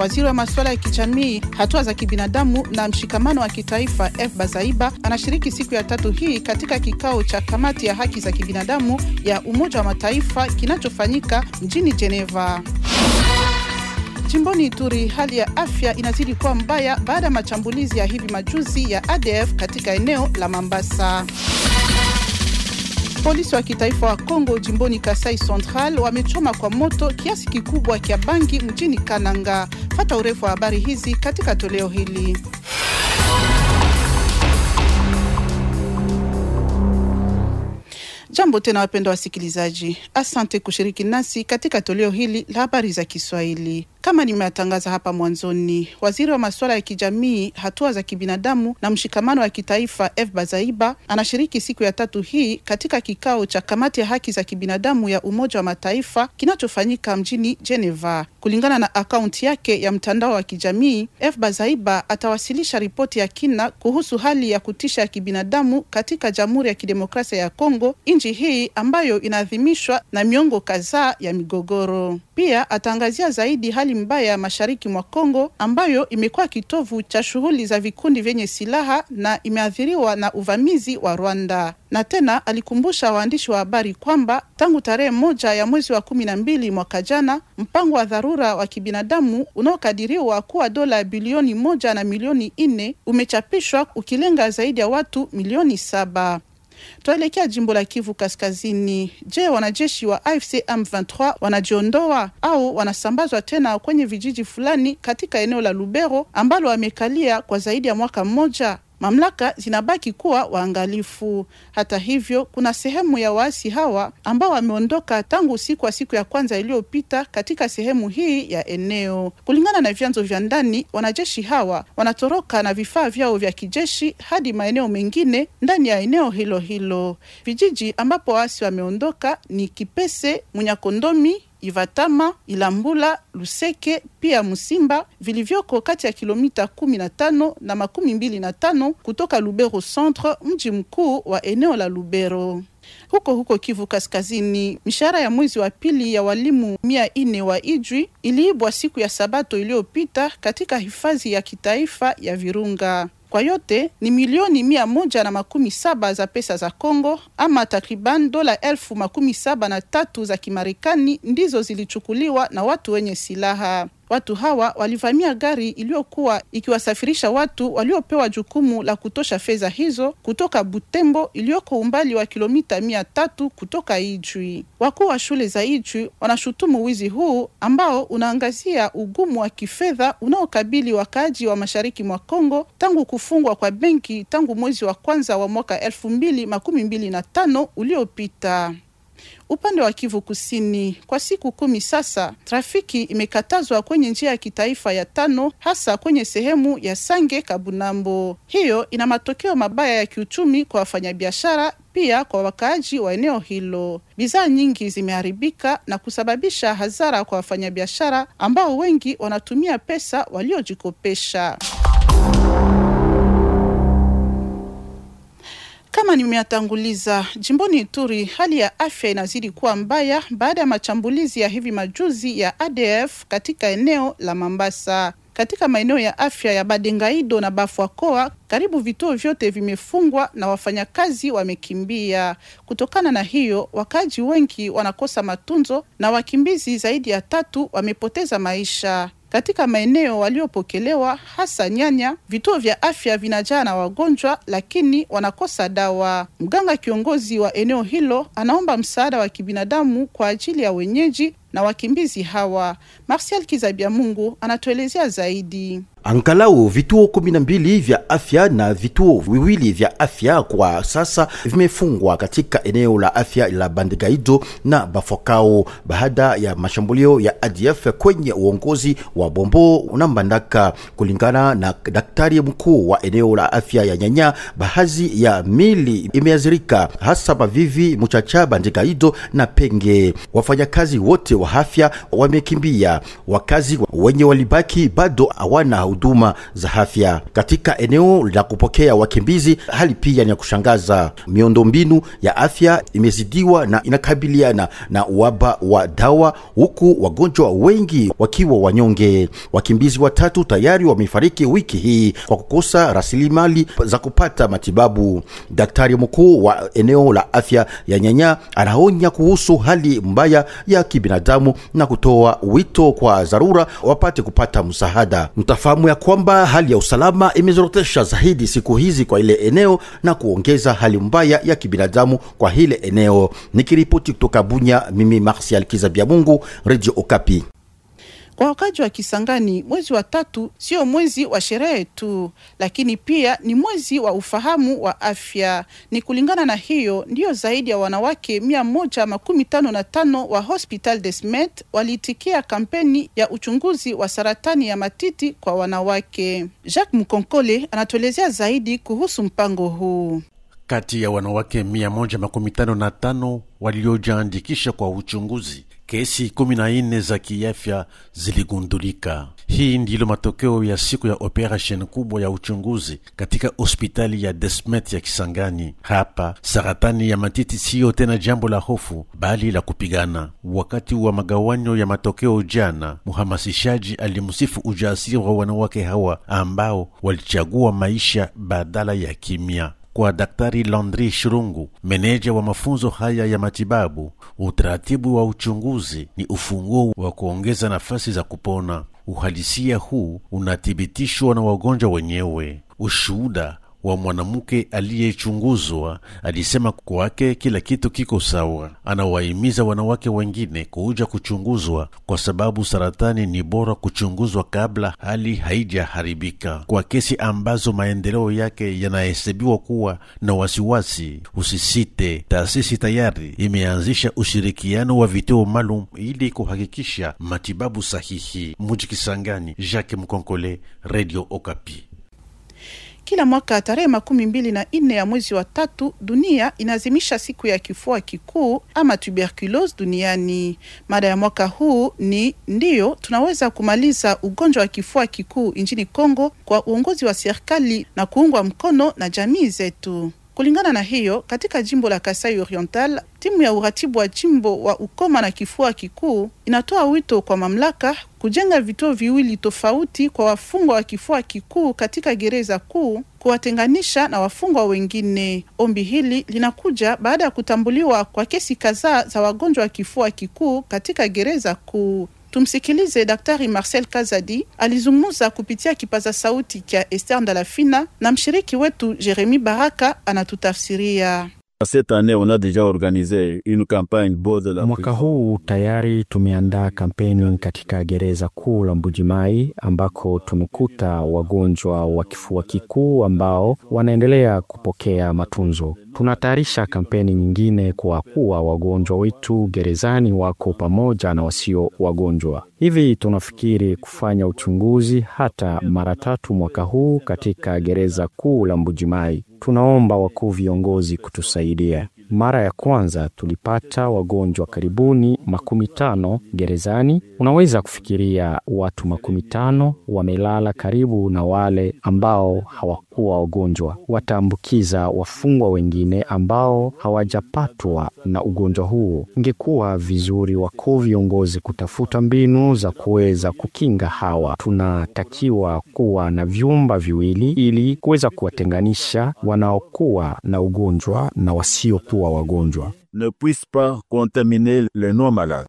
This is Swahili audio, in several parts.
Waziri wa masuala ya kijamii, hatua za kibinadamu na mshikamano wa kitaifa F Bazaiba anashiriki siku ya tatu hii katika kikao cha kamati ya haki za kibinadamu ya Umoja wa Mataifa kinachofanyika mjini Geneva. Jimboni Ituri, hali ya afya inazidi kuwa mbaya baada ya mashambulizi ya hivi majuzi ya ADF katika eneo la Mambasa. Polisi wa kitaifa wa Kongo jimboni Kasai Central wamechoma kwa moto kiasi kikubwa cha bangi mjini Kananga. Fata urefu wa habari hizi katika toleo hili. Jambo tena wapendwa wasikilizaji, asante kushiriki nasi katika toleo hili la habari za Kiswahili. Kama nimeatangaza hapa mwanzoni, waziri wa masuala ya kijamii, hatua za kibinadamu na mshikamano wa kitaifa F Bazaiba anashiriki siku ya tatu hii katika kikao cha kamati ya haki za kibinadamu ya Umoja wa Mataifa kinachofanyika mjini Geneva. Kulingana na akaunti yake ya mtandao wa kijamii, F Bazaiba atawasilisha ripoti ya kina kuhusu hali ya kutisha ya kibinadamu katika Jamhuri ya Kidemokrasia ya Kongo, nchi hii ambayo inaadhimishwa na miongo kadhaa ya migogoro. Pia ataangazia zaidi hali Mbaya mashariki mwa Kongo ambayo imekuwa kitovu cha shughuli za vikundi vyenye silaha na imeathiriwa na uvamizi wa Rwanda. Na tena alikumbusha waandishi wa habari kwamba tangu tarehe moja ya mwezi wa kumi na mbili mwaka jana, mpango wa dharura wa kibinadamu unaokadiriwa kuwa dola bilioni moja na milioni nne umechapishwa ukilenga zaidi ya watu milioni saba. Tuelekea jimbo la Kivu Kaskazini. Je, wanajeshi wa AFC M23 wanajiondoa au wanasambazwa tena kwenye vijiji fulani katika eneo la Lubero ambalo wamekalia kwa zaidi ya mwaka mmoja? Mamlaka zinabaki kuwa waangalifu. Hata hivyo, kuna sehemu ya waasi hawa ambao wameondoka tangu usiku wa siku ya kwanza iliyopita katika sehemu hii ya eneo. Kulingana na vyanzo vya ndani, wanajeshi hawa wanatoroka na vifaa vyao vya kijeshi hadi maeneo mengine ndani ya eneo hilo hilo. Vijiji ambapo waasi wameondoka ni Kipese, Munyakondomi Ivatama, Ilambula, Luseke pia Musimba vilivyoko kati ya kilomita kumi na makumi mbili na tano kutoka Lubero Centre, mji mkuu wa eneo la Lubero. Huko huko Kivu Kaskazini, mishahara ya mwezi wa pili ya walimu mia ine wa Ijwi iliibwa siku ya Sabato iliyopita katika hifadhi ya kitaifa ya Virunga. Kwa yote ni milioni mia moja na makumi saba za pesa za Congo ama takriban dola elfu makumi saba na tatu za Kimarekani ndizo zilichukuliwa na watu wenye silaha. Watu hawa walivamia gari iliyokuwa ikiwasafirisha watu waliopewa jukumu la kutosha fedha hizo kutoka Butembo iliyoko umbali wa kilomita mia tatu kutoka Ijwi. Wakuu wa shule za Ijwi wanashutumu wizi huu ambao unaangazia ugumu wa kifedha unaokabili wakaaji wa mashariki mwa Kongo tangu kufungwa kwa benki tangu mwezi wa kwanza wa mwaka elfu mbili makumi mbili na tano uliopita. Upande wa Kivu Kusini, kwa siku kumi sasa, trafiki imekatazwa kwenye njia ya kitaifa ya tano, hasa kwenye sehemu ya Sange Kabunambo. Hiyo ina matokeo mabaya ya kiuchumi kwa wafanyabiashara pia kwa wakaaji wa eneo hilo. Bidhaa nyingi zimeharibika na kusababisha hasara kwa wafanyabiashara ambao wengi wanatumia pesa waliojikopesha. Kama nimeatanguliza jimboni Ituri, hali ya afya inazidi kuwa mbaya baada ya machambulizi ya hivi majuzi ya ADF katika eneo la Mambasa. Katika maeneo ya afya ya Badengaido na Bafwakoa, karibu vituo vyote vimefungwa na wafanyakazi wamekimbia. Kutokana na hiyo, wakaaji wengi wanakosa matunzo na wakimbizi zaidi ya tatu wamepoteza maisha katika maeneo waliopokelewa, hasa Nyanya. Vituo vya afya vinajaa na wagonjwa, lakini wanakosa dawa. Mganga kiongozi wa eneo hilo anaomba msaada wa kibinadamu kwa ajili ya wenyeji na wakimbizi hawa. Marsial Kizabia Mungu anatuelezea zaidi. Angalau vituo kumi na mbili vya afya na vituo viwili vya afya kwa sasa vimefungwa katika eneo la afya la Bandigaido na Bafokao baada ya mashambulio ya ADF kwenye uongozi wa Bombo na Mbandaka. Kulingana na daktari mkuu wa eneo la afya ya Nyanya, baadhi ya mili imeathirika hasa Mavivi, Muchacha, Bandigaido na Penge. Wafanyakazi wote wa afya wamekimbia, wakazi wenye walibaki bado hawana huduma za afya katika eneo la kupokea wakimbizi. Hali pia ni ya kushangaza, miundombinu ya afya imezidiwa na inakabiliana na uhaba wa dawa, huku wagonjwa wengi wakiwa wanyonge. Wakimbizi watatu tayari wamefariki wiki hii kwa kukosa rasilimali za kupata matibabu. Daktari mkuu wa eneo la afya ya Nyanya anaonya kuhusu hali mbaya ya kibinadamu na kutoa wito kwa dharura wapate kupata msaada. Mtafahamu fahamu ya kwamba hali ya usalama imezorotesha zaidi siku hizi kwa ile eneo na kuongeza hali mbaya ya kibinadamu kwa hile eneo. Nikiripoti kutoka Bunya, mimi Marsial kizabia Mungu, Radio Okapi wakaji wa Kisangani, mwezi wa tatu sio mwezi wa sherehe tu, lakini pia ni mwezi wa ufahamu wa afya. Ni kulingana na hiyo ndiyo zaidi ya wanawake mia moja makumi tano na tano wa Hospital des waliitikia kampeni ya uchunguzi wa saratani ya matiti kwa wanawake. Jacques Mkonkole anatuelezea zaidi kuhusu mpango huu. Kati ya wanawake mia moja makumi tano na tano waliojaandikisha kwa uchunguzi kesi kumi na nne za kiafya ziligundulika. Hii ndilo matokeo ya siku ya operesheni kubwa ya uchunguzi katika hospitali ya Desmet ya Kisangani. Hapa saratani ya matiti siyo tena jambo la hofu, bali la kupigana. Wakati wa magawanyo ya matokeo jana, mhamasishaji alimsifu ujasiri wa wanawake hawa ambao walichagua maisha badala ya kimya kwa Daktari Landri Shirungu, meneja wa mafunzo haya ya matibabu, utaratibu wa uchunguzi ni ufunguo wa kuongeza nafasi za kupona. Uhalisia huu unathibitishwa na wagonjwa wenyewe. Ushuhuda wa mwanamke aliyechunguzwa alisema kwake kila kitu kiko sawa. Anawahimiza wanawake wengine kuja kuchunguzwa kwa sababu saratani ni bora kuchunguzwa kabla hali haijaharibika. Kwa kesi ambazo maendeleo yake yanahesabiwa kuwa na wasiwasi, usisite. Taasisi tayari imeanzisha ushirikiano wa vituo maalum ili kuhakikisha matibabu sahihi. Mujikisangani, Jacques Mkonkole, Radio Okapi. Kila mwaka tarehe makumi mbili na nne ya mwezi wa tatu dunia inaazimisha siku ya kifua kikuu ama tuberculose duniani. Mada ya mwaka huu ni ndiyo tunaweza kumaliza ugonjwa wa kifua kikuu nchini Kongo kwa uongozi wa serikali na kuungwa mkono na jamii zetu. Kulingana na hiyo, katika jimbo la Kasai Oriental, timu ya uratibu wa jimbo wa ukoma na kifua kikuu inatoa wito kwa mamlaka kujenga vituo viwili tofauti kwa wafungwa wa kifua kikuu katika gereza kuu, kuwatenganisha na wafungwa wengine. Ombi hili linakuja baada ya kutambuliwa kwa kesi kadhaa za wagonjwa wa kifua kikuu katika gereza kuu. Tumsikilize Daktari Marcel Kazadi alizungumza kupitia kipaza sauti cha Esther Ndalafina na mshiriki wetu Jeremy Baraka anatutafsiria. Mwaka huu tayari tumeandaa kampeni katika gereza kuu la Mbujimai ambako tumekuta wagonjwa wa kifua kikuu ambao wanaendelea kupokea matunzo. Tunatayarisha kampeni nyingine kwa kuwa wagonjwa wetu gerezani wako pamoja na wasio wagonjwa. Hivi tunafikiri kufanya uchunguzi hata mara tatu mwaka huu katika gereza kuu la Mbujimai. Tunaomba wakuu viongozi kutusaidia. Mara ya kwanza tulipata wagonjwa karibuni makumi tano gerezani. Unaweza kufikiria watu makumi tano wamelala karibu na wale ambao hawa kuwa wagonjwa, wataambukiza wafungwa wengine ambao hawajapatwa na ugonjwa huo. Ingekuwa vizuri wakuu viongozi kutafuta mbinu za kuweza kukinga hawa. Tunatakiwa kuwa na vyumba viwili ili kuweza kuwatenganisha wanaokuwa na ugonjwa na wasiokuwa wagonjwa. ne puisse pas contaminer les non malades.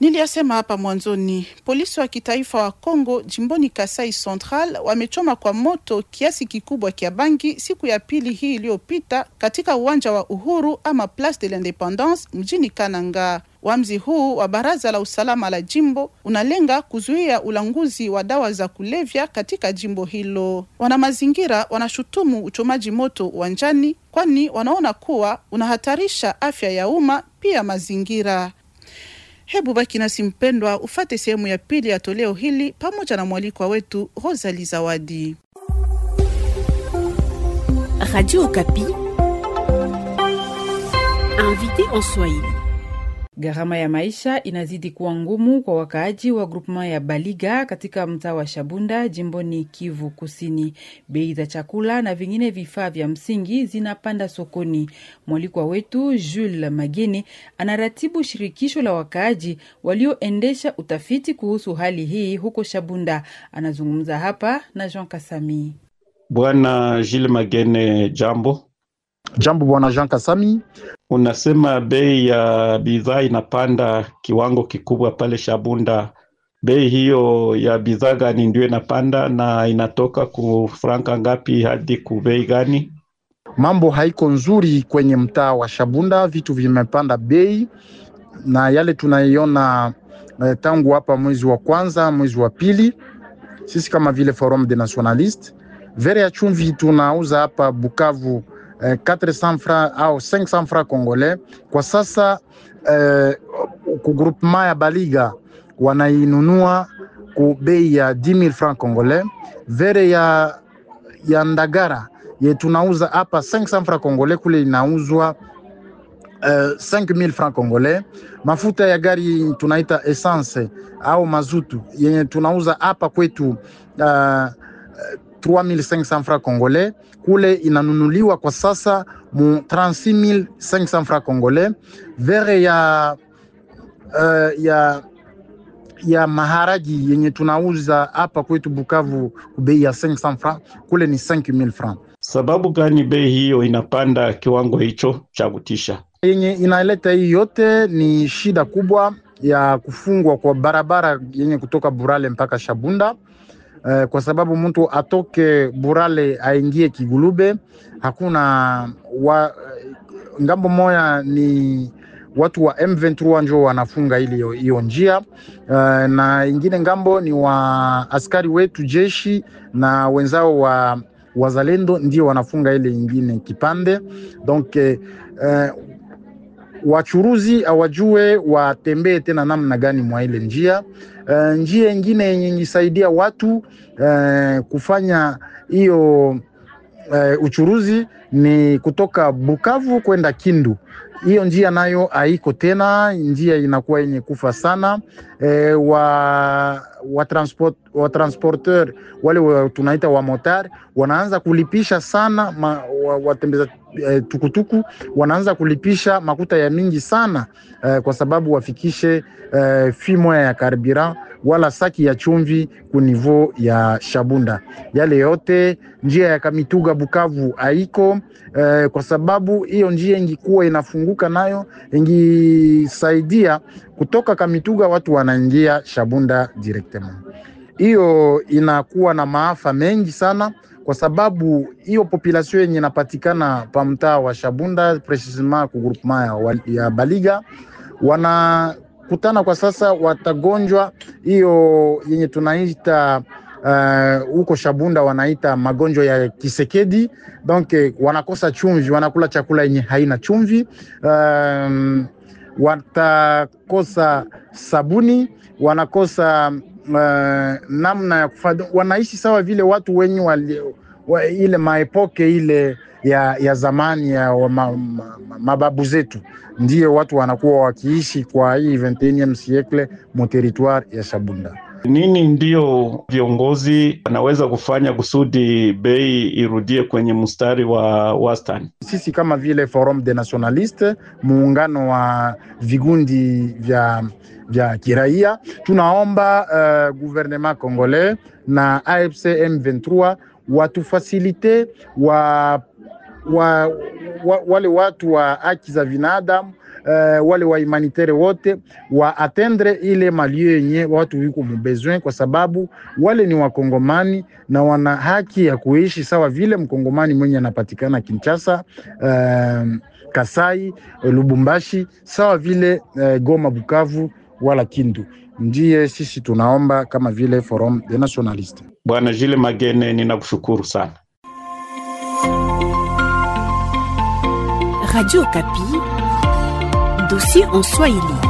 Niliyasema hapa mwanzoni, polisi wa kitaifa wa Kongo jimboni Kasai Central wamechoma kwa moto kiasi kikubwa kia bangi siku ya pili hii iliyopita katika uwanja wa Uhuru ama Place de l'Independance mjini Kananga. Uamuzi huu wa baraza la usalama la jimbo unalenga kuzuia ulanguzi wa dawa za kulevya katika jimbo hilo. Wanamazingira wanashutumu uchomaji moto uwanjani, kwani wanaona kuwa unahatarisha afya ya umma pia mazingira. Hebu baki nasi mpendwa, ufate sehemu ya pili ya toleo hili pamoja na mwalikwa wetu Rosali Zawadi. Radio Kapi, invité en Swahili. Gharama ya maisha inazidi kuwa ngumu kwa wakaaji wa grupema ya Baliga katika mtaa wa Shabunda jimboni Kivu Kusini. Bei za chakula na vingine vifaa vya msingi zinapanda sokoni. Mwalikwa wetu Jules Mageni anaratibu shirikisho la wakaaji walioendesha utafiti kuhusu hali hii huko Shabunda. Anazungumza hapa na Jean Kasami. Bwana Jules Magene, jambo. Jambo bwana Jean Kasami. Unasema bei ya bidhaa inapanda kiwango kikubwa pale Shabunda. Bei hiyo ya bidhaa gani ndio inapanda na inatoka ku franka ngapi hadi ku bei gani? Mambo haiko nzuri kwenye mtaa wa Shabunda, vitu vimepanda bei na yale tunaiona eh, tangu hapa mwezi wa kwanza mwezi wa pili, sisi kama vile Forum des Nationalistes, vere ya chumvi tunauza hapa Bukavu 400 eh, francs au 500 francs congolais kwa sasa. Eh, kugroupema ya Baliga wanainunua ku bei ya 10000 francs congolais. Vere ya, ya Ndagara ye tunauza hapa 500 francs congolais, kule inauzwa Uh, eh, 5000 francs congolais. Mafuta ya gari tunaita essence au mazutu yenye tunauza hapa kwetu uh, 3500 francs congolais, kule inanunuliwa kwa sasa mu 36500 francs congolais. Vere ya, uh, ya ya maharaji yenye tunauza hapa kwetu Bukavu bei ya 500 francs kule ni 5000 francs. Sababu gani bei hiyo inapanda kiwango hicho cha kutisha? Yenye inaleta hii yote ni shida kubwa ya kufungwa kwa barabara yenye kutoka Burale mpaka Shabunda Eh, kwa sababu mtu atoke Burale aingie Kigulube hakuna wa, eh, ngambo moya ni watu wa M23 njo wanafunga ili hiyo njia uh, na ingine ngambo ni wa askari wetu jeshi na wenzao wa wazalendo ndio wanafunga ile ingine kipande donc uh, wachuruzi awajue watembee tena namna gani mwa ile njia. Uh, njia ingine yenye nisaidia watu uh, kufanya hiyo uh, uchuruzi ni kutoka Bukavu kwenda Kindu. Hiyo njia nayo haiko tena, njia inakuwa yenye kufa sana. E, wa, wa, transport, wa transporteur wale wa, tunaita wa motar wanaanza kulipisha sana ma, wa, watembeza eh, tukutuku wanaanza kulipisha makuta ya mingi sana eh, kwa sababu wafikishe eh, fimo ya karbira wala saki ya chumvi kunivo ya Shabunda. Yale yote njia ya Kamituga Bukavu haiko eh, kwa sababu hiyo njia ingikuwa inafunguka nayo ingisaidia kutoka Kamituga watu wanaingia Shabunda directement. Hiyo inakuwa na maafa mengi sana kwa sababu hiyo population yenye inapatikana pa mtaa wa Shabunda precisement ku groupement ya, ya Baliga wanakutana kwa sasa, watagonjwa hiyo yenye tunaita uh, huko uh, Shabunda wanaita magonjwa ya kisekedi. Donc wanakosa chumvi, wanakula chakula yenye haina chumvi um, watakosa sabuni, wanakosa namna ya kufadhi, wanaishi sawa vile watu wenye wali, wa, ile maepoke ile ya, ya zamani ya wa, ma, ma, mababu zetu, ndiyo watu wanakuwa wakiishi kwa hii 21 siekle mu territoire ya Shabunda. Nini ndiyo viongozi wanaweza kufanya kusudi bei irudie kwenye mstari wa wastani? Sisi kama vile Forum des Nationalistes, muungano wa vigundi vya vya kiraia. Tunaomba uh, gouvernement congolais na AFC M23 watufasilite wa, wa, wa, wale watu wa haki za binadamu Uh, wale wa humanitaire wote wa atendre ile malieu yenye watu wiko mubesoin, kwa sababu wale ni wakongomani na wana haki ya kuishi sawa vile mkongomani mwenye anapatikana Kinshasa, uh, Kasai, Lubumbashi sawa vile uh, Goma, Bukavu wala Kindu. Ndiye sisi tunaomba kama vile Forum des Nationalistes. Bwana Jile Magene, ninakushukuru sana. Radio Kapi, dossier en Swahili.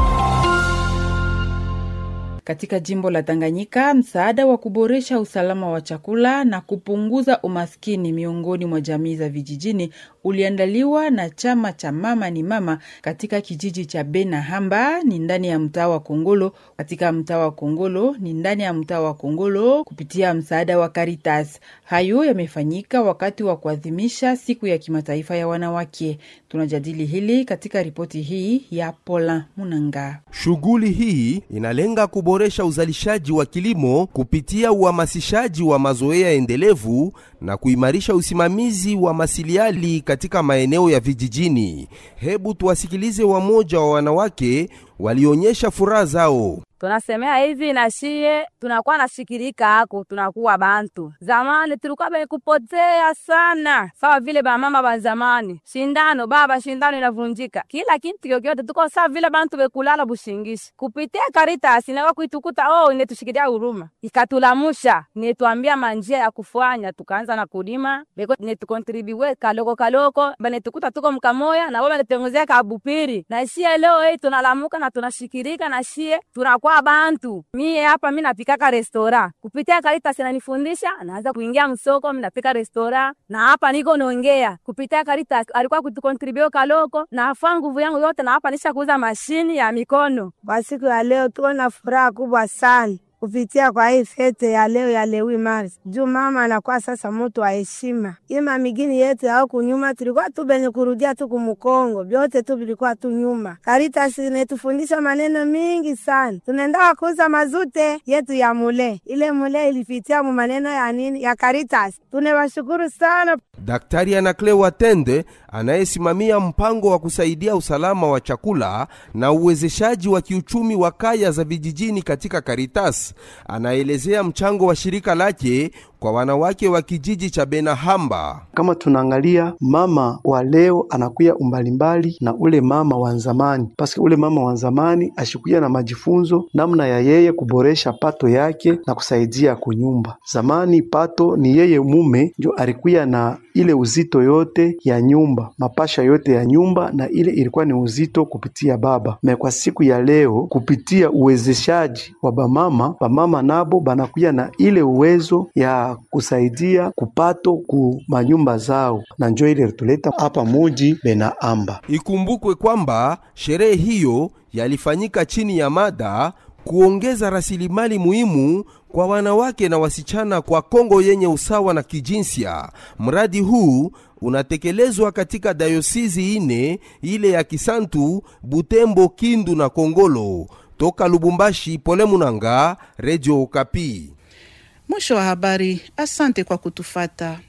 Katika jimbo la Tanganyika, msaada wa kuboresha usalama wa chakula na kupunguza umaskini miongoni mwa jamii za vijijini uliandaliwa na chama cha Mama ni Mama katika kijiji cha bena hamba ni ndani ya mtaa wa Kongolo, katika mtaa wa Kongolo ni ndani ya mtaa wa Kongolo kupitia msaada wa Caritas. Hayo yamefanyika wakati wa kuadhimisha siku ya kimataifa ya wanawake. Tunajadili hili katika ripoti hii ya Pola Munanga. Shughuli hii inalenga kubo kuboresha uzalishaji wa kilimo kupitia uhamasishaji wa mazoea endelevu na kuimarisha usimamizi wa masiliali katika maeneo ya vijijini. Hebu tuwasikilize wamoja wa wanawake walionyesha furaha zao tunasemea hivi na shie tunakuwa nasikirika ako tunakuwa bantu zamani tulikuwa benikupotea sana sawa vile bamama ba zamani shindano baba shindano inavunjika kila kintu kyokyote tuko sawa vile bantu bekulala bushingishi kupitia karita nawe kuitukuta oh inetushikiria huruma ikatulamusha netwambia manjia ya kufanya tukaanza na kulima beko netukontribiwe kaloko kaloko banetukuta tuko mkamoya na wao banetengezea kabupiri na shie leo hey, tunalamuka na tunashikirika na shie tunakuwa kwa bantu. Mie hapa mi napikaka restora. Kupitia Caritas nanifundisha naanza kuingia msoko, mi napika restora na hapa niko naongea. Kupitia Caritas alikuwa kutukontribio kaloko na afaa nguvu yangu yote na hapa nisha kuuza mashini ya mikono. Kwa siku ya leo tuko na furaha kubwa sana kupitia kwa hii fete ya leo ya Lewi Mars juu mama anakuwa sasa mutu wa heshima. Ima migini yetu au kunyuma tulikuwa tu benye kurudia tu kumukongo, vyote tu vilikuwa tu nyuma. Karitasi inetufundisha maneno mingi sana. Tunaenda kuuza mazute yetu ya mule, ile mule ilipitia mu maneno ya nini ya Karitasi. Tunawashukuru sana. Daktari Anakle Watende anayesimamia mpango wa kusaidia usalama wa chakula na uwezeshaji wa kiuchumi wa kaya za vijijini katika Karitasi Anaelezea mchango wa shirika lake kwa wanawake wa kijiji cha Benahamba. Kama tunaangalia mama wa leo anakuya umbalimbali mbali na ule mama wa zamani, paske ule mama wa zamani ashikuya na majifunzo namna ya yeye kuboresha pato yake na kusaidia kunyumba. Zamani pato ni yeye mume njo alikuya na ile uzito yote ya nyumba, mapasha yote ya nyumba, na ile ilikuwa ni uzito kupitia baba. Me kwa siku ya leo kupitia uwezeshaji wa bamama, bamama nabo banakuya na ile uwezo ya kusaidia kupato ku manyumba zao, na njo ile tuleta hapa muji amba. Ikumbukwe kwamba sherehe hiyo yalifanyika chini ya mada kuongeza rasilimali muhimu kwa wanawake na wasichana kwa Kongo yenye usawa na kijinsia. Mradi huu unatekelezwa katika dayosizi ine ile ya Kisantu, Butembo, Kindu na Kongolo. Toka Lubumbashi, Pole Munanga, Radio Okapi. Mwisho wa habari. Asante kwa kutufata.